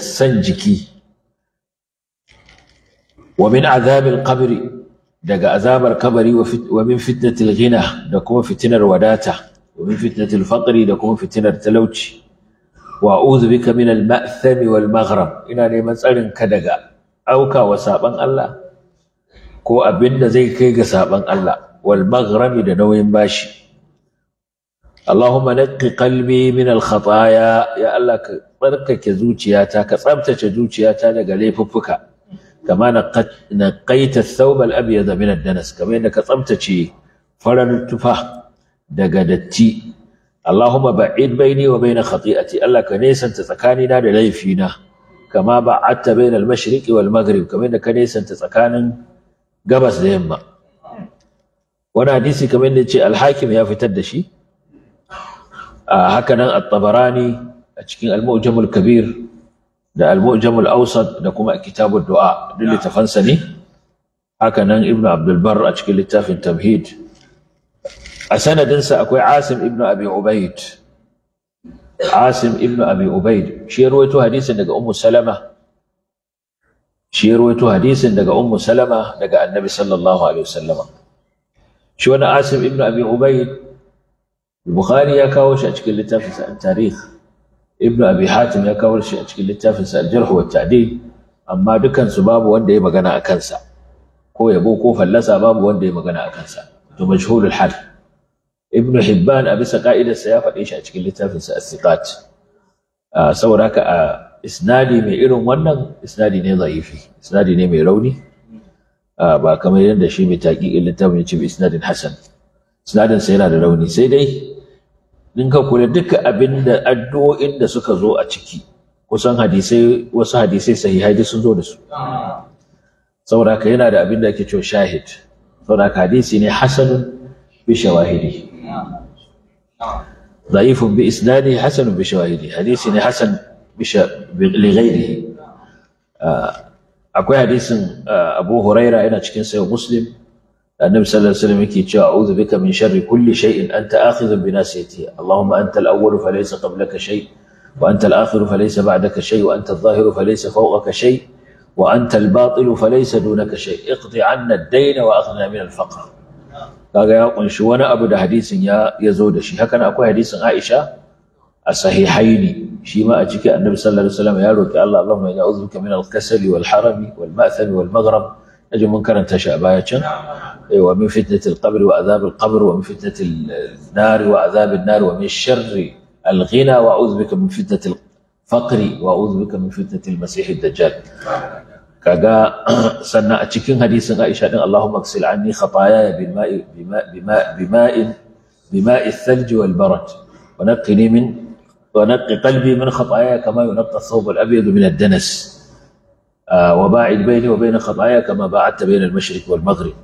san jiki wa min azabil daga azabar kabari wa min fitnatil ghina da kuma fitinar wadata wa min fitnatil da kuma fitinar talauci wa a'udhu bika min al-ma'thami wal ina neman tsarin ka daga auka wa Allah ko abinda zai kai ga saban Allah wal maghrami da nauyin bashi Allahumma naqqi qalbi min al-khataaya ya Allah ka tsarkake zuciyata ka tsabtace zuciyata daga laifuffuka kama naqaita thawb al-abyad min ad-danas kamar yadda ka tsabtace farar tufa daga datti Allahumma ba'id baini wa baina khati'ati Allah ka nesanta tsakanina da laifina kama ba'adta baina al-mashriqi wal maghrib kamar yadda ka nesanta tsakanin gabas da yamma wani hadisi kamar yadda ce Alhakim ya fitar da shi Ah, haka nan at-tabarani a cikin al-mu'jamul kabir da al-mu'jamul awsat da kuma kitabud du'a duk littafansa ne haka nan ibnu abdul bar a cikin littafin tamhid a sanadinsa akwai asim Ibn abi ubaid asim Ibn abi ubaid shi ya rawaito hadisin daga ummu salama shi ya rawaito hadisin daga ummu salama daga annabi sallallahu alaihi wasallama shi wani asim ibn abi ubayd bukhari ya kawo shi a cikin littafinsa at-tarikh ibn abi hatim ya kawo shi a cikin littafinsa al-jarh wa ta'dil amma dukansu babu wanda ya magana a kansa ko yabo ko fallasa babu wanda ya magana a kansa to majhulul hal ibn hibban a bisa ka'idarsa ya faɗi shi a cikin littafinsa as-siqat saboda haka a isnadi mai irin wannan isnadi ne zaifi isnadi ne mai rauni ba kamar yadda shi mai taƙiƙin littafin ya ce isnadin Hassan. isnadin yana da rauni sai dai in ka kula duka abin da addu'o'in da suka zo a ciki kusan hadisai wasu hadisai sahihai sun zo da su saboda ka yana da abin da ake cewa shahid saboda ka hadisi ne hasanun bi shawahidi ضعيف بإسناده حسن بشواهده حديث حسن بش... لغيره آه. akwai hadisin abu huraira yana cikin sayo muslim النبي صلى الله عليه وسلم يكي أعوذ بك من شر كل شيء أنت آخذ بناصيته اللهم أنت الأول فليس قبلك شيء وأنت الآخر فليس بعدك شيء وأنت الظاهر فليس فوقك شيء وأنت الباطل فليس دونك شيء اقض عنا الدين وأغنى من الفقر kaga ya ƙunshi wani abu da hadisin ya zo da shi hakan akwai hadisin Aisha a sahihaini shi ma a ciki Annabi sallallahu alaihi wasallam ya roki Allahumma inna a'udhu bika wal harami wal ma'thami wal أجل منكر انتشا بايتشا إيه، ومن فتنة القبر وعذاب القبر ومن فتنة النار وعذاب النار ومن الشر الغنى وأعوذ بك من فتنة الفقر وأعوذ بك من فتنة المسيح الدجال كذا سنة أتشكين حديثنا إشاء اللهم اغسل عني خطاياي بالماء بماء بماء بماء بماء الثلج والبرد ونقني من ونقي قلبي من خطاياي كما ينقى الثوب الابيض من الدنس wa ba'id baini wa bain khataaya kama ba'adta bain al-mashriq wal maghrib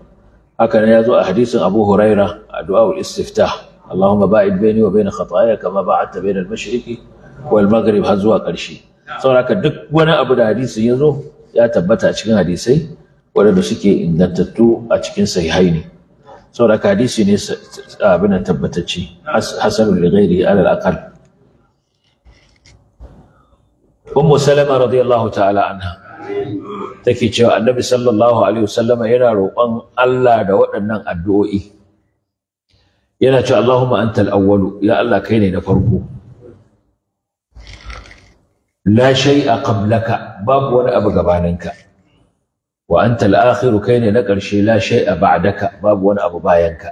haka ne yazo a hadisin Abu Huraira a du'a istiftah Allahumma ba'id baini wa bain khataaya kama ba'adta bain al-mashriq wal maghrib har zuwa ƙarshe saboda duk wani abu da hadisin yazo ya tabbata a cikin hadisai waɗanda suke ingantattu a cikin sahihaini saboda hadisi ne abin tabbatacce hasanul li ghairi alal aqal salama radiyallahu ta'ala anha take cewa annabi sallallahu alaihi wasallama yana roƙon Allah da waɗannan addu'o'i yana cewa Allahumma antal awwalu ya Allah kai ne na farko la shay'a qablaka babu wani abu gabaninka wa antal akhiru kai ne na ƙarshe la shay'a ba'daka babu wani abu bayanka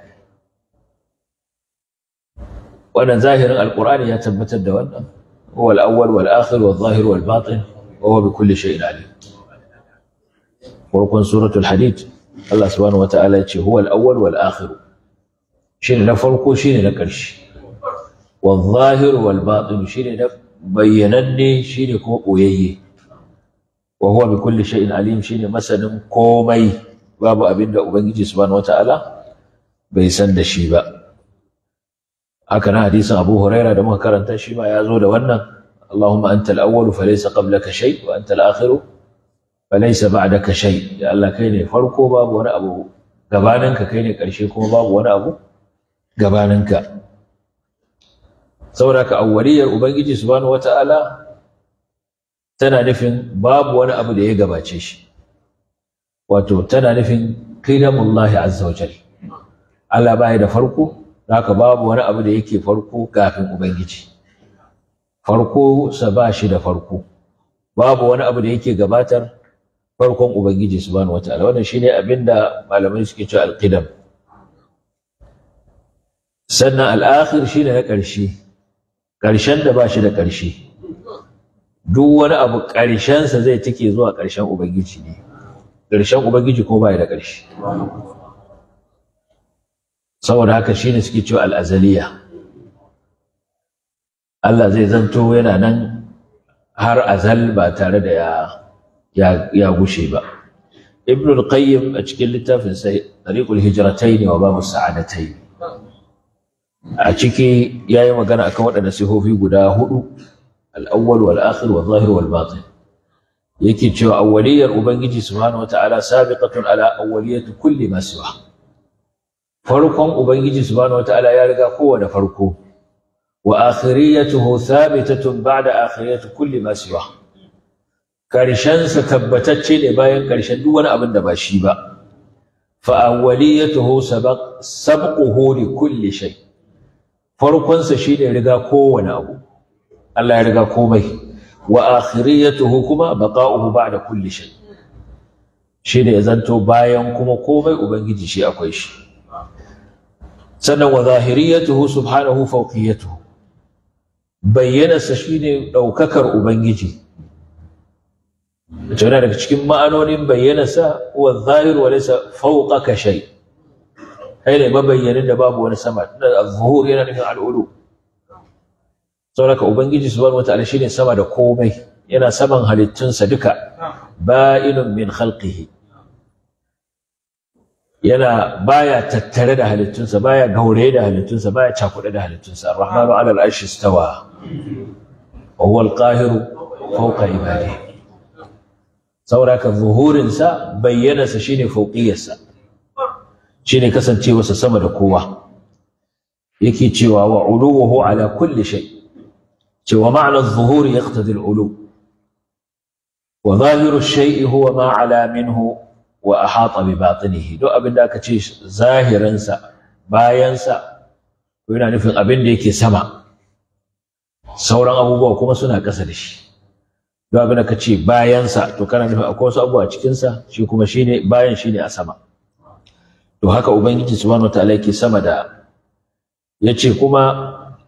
wannan zahirin alqur'ani ya tabbatar da wannan huwa al-awwal wal akhir wal zahir wal batin wa huwa bi kulli shay'in alim farkon suratul hadid Allah subhanahu wata'ala ya ce huwal awwal wal akhir shine na farko shine na ƙarshe wal zahir wal batin shine na bayyananne shine ko boyayye wa huwa bi kulli shay'in alim shine masanin komai babu abin da ubangiji subhanahu wata'ala bai san da shi ba haka na hadisin Abu Huraira da muka karanta shi ma ya zo da wannan Allahuma antal al-awwal fa laysa qablaka wa anta al falaisa ba'daka shai. ya Allah kai ne farko babu wani abu gabaninka kai ne ƙarshe kuma babu wani abu gabaninka saboda ka awwaliyar ubangiji subhanahu wata'ala tana nufin babu wani abu da ya gabace shi wato tana nufin qidamullahi azza wa jalla Allah baya da farko haka babu wani abu da yake farko kafin ubangiji farko sa ba shi da farko babu wani abu da yake gabatar farkon ubangiji subhanahu wataala wannan shine da malamai suke cewa alqidam sannan al'akhir shine na ƙarshe ƙarshen da ba shi da ƙarshe duk wani abu ƙarshensa zai cike zuwa ƙarshen ubangiji ne ƙarshen ubangiji ko ba da ƙarshe saboda haka shine suke cewa al'azaliya Allah zai zanto yana nan har azal ba tare da ya ya gushe ba ibn al-qayyim a cikin littafin sai tariqul hijratain wa babu sa'adatain a ciki yayi magana akan waɗannan sihofi guda hudu al-awwal wal akhir wal zahir wal batin yake cewa awwaliyar ubangiji subhanahu wataala sabiqatun ala awwaliyati kulli ma siwa farkon ubangiji subhanahu wataala ya riga kowane farko wa akhiriyatuhu thabitatun ba'da akhiriyati kulli ma siwa karshensa tabbatacce ne bayan karshen duk wani abin da ba shi ba fa awwaliyatuhu sabaq sabquhu li kulli shay farkonsa shine riga kowane abu Allah ya riga komai wa akhiriyatuhu kuma baqa'uhu ba'da kulli shay shine ya zanto bayan kuma komai ubangiji shi akwai shi sannan wa zahiriyatuhu subhanahu fawqiyatuhu bayyana sa ne daukakar ubangiji wace yana daga cikin ma'anonin bayyanarsa wa zahir wa laysa fawqaka shay kai ne mabayyanin da babu wani sama tunda az-zuhur yana nufin al'udu. ulu saboda ubangiji subhanahu wataala shine sama da komai yana saman halittunsa duka ba'inun min khalqihi yana baya tattare da halittunsa baya gaure da halittunsa baya cakuɗe da halittunsa ar-rahmanu 'ala al-'arshi wa huwa al-qahiru fawqa سوراك ظهور إنسا بين سشيني فوقية سا شيني كسن تي وس سمر قوة يكي تي وعلوه على كل شيء تي ومعنى الظهور يقتضي العلو وظاهر الشيء هو ما على منه وأحاط بباطنه لو أبن داك تي ظاهر إنسا باين سا وينا نفق أبن ديكي سما سوراك أبو بوكو ما سنا كسنش duk abin da ka ce bayansa to kana nufin akwai wasu abubuwa cikinsa shi kuma shine bayan ne a sama to haka ubangiji subhanahu wataala yake sama da yace kuma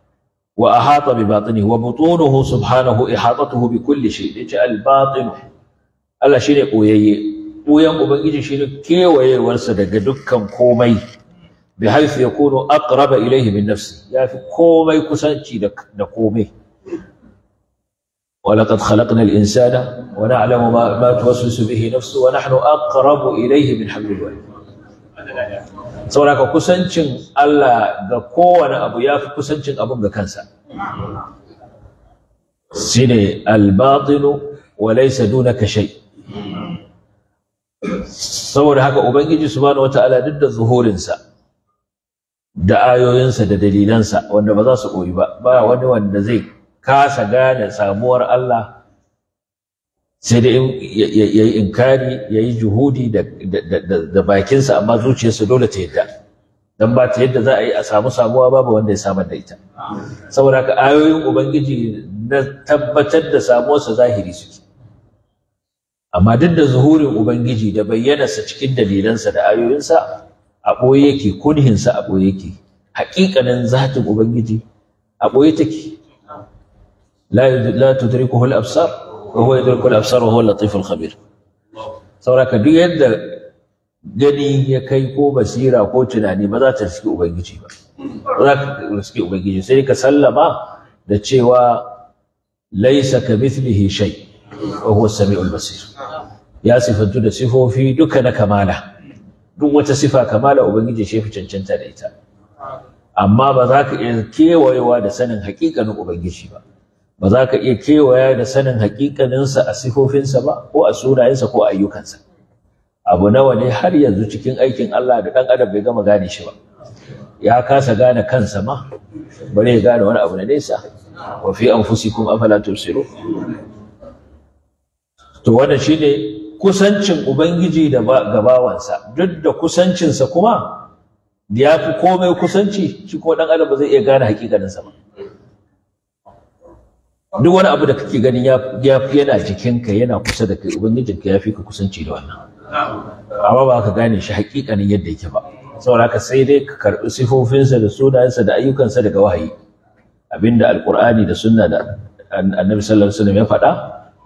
wa ahata bi batinihi wa butunuhu subhanahu ihatatuhu bi kulli shay yace al batin Allah shine koyayye koyan ubangiji shine kewayewarsa daga dukkan komai bi haifi yakunu aqraba ilayhi min nafsi ya fi komai kusanci da komai ولقد خلقنا الإنسان ونعلم ما, ما توسوس به نفسه ونحن أقرب إليه من حبل الوريد saboda kusancin Allah ga kowane abu ya fi kusancin abun ga kansa shi ne albatinu wa laisa dunaka saboda haka ubangiji subhanahu wataala duk da zuhurinsa da ayoyinsa da dalilansa wanda ba za su koyi ba ba wani wanda zai kasa gane samuwar Allah sai dai ya yi inkari ya yi juhudi da bakinsa amma zuciyarsa dole ta yadda don ba ta yadda za a yi a samu samuwa babu wanda ya samar da ita saboda ka ayoyin ubangiji na tabbatar da samuwarsa zahiri suke amma duk da zuhurin ubangiji da bayyanarsa cikin dalilansa da ayoyinsa a ɓoye yake kunhinsa a ɓoye yake haƙiƙanin zatin ubangiji a ɓoye take la la tudrikuhu al-absar wa huwa yudriku al-absar wa huwa al-latif sauraka duk yadda gani ya kai ko basira ko tunani ba za ta riski ubangiji ba za ka riski ubangiji sai ka sallama da cewa laisa ka mithlihi shay wa huwa samiul basir ya sifantu da sifofi duka na kamala duk wata sifa kamala ubangiji shi fi cancanta da ita amma ba za ka iya kewayewa da sanin hakikanin ubangiji ba ba za ka iya kewaya da sanin haƙiƙaninsa a sifofinsa ba ko a sunayensa ko a ayyukansa abu nawa ne har yanzu cikin aikin Allah da ɗan adam bai gama gane shi ba ya kasa gane kansa ma bare ya gane wani abu na nesa wa fi anfusikum afala tubsiru to wannan shine kusancin ubangiji da gabawansa duk da kusancinsa kuma da ya fi komai kusanci shi ko ɗan adam ba zai iya gane hakikaninsa ba duk wani abu da kake ganin yana jikinka yana kusa da kai ka ya fi ka kusanci da wannan amma ba ka gane shi hakikanin yadda yake ba saboda sai dai ka karɓi sifofinsa da sunayensa da ayyukansa daga wahayi abinda alkur'ani da sunna da annabi sallallahu alaihi wasallam ya faɗa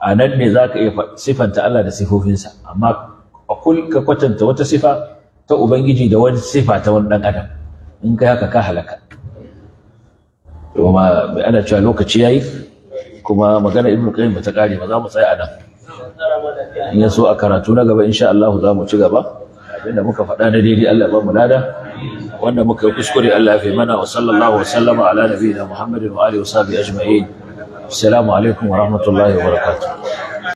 a nan ne za ka iya sifanta Allah da sifofinsa amma akul ka kwatanta wata sifa ta ubangiji da wani sifa ta wani ɗan adam in kai haka ka halaka. Kuma ana cewa lokaci yayi kuma magana ibnu qayyim bata kare ba za mu tsaya a nan in ya so a karatu na gaba insha Allah za mu ci gaba abinda muka faɗa na daidai Allah ba mu lada wanda muka yi kuskure Allah ya mana wa sallallahu wa sallama ala nabiyina Muhammadin wa alihi wa sahbihi ajma'in assalamu alaikum wa rahmatullahi wa barakatuh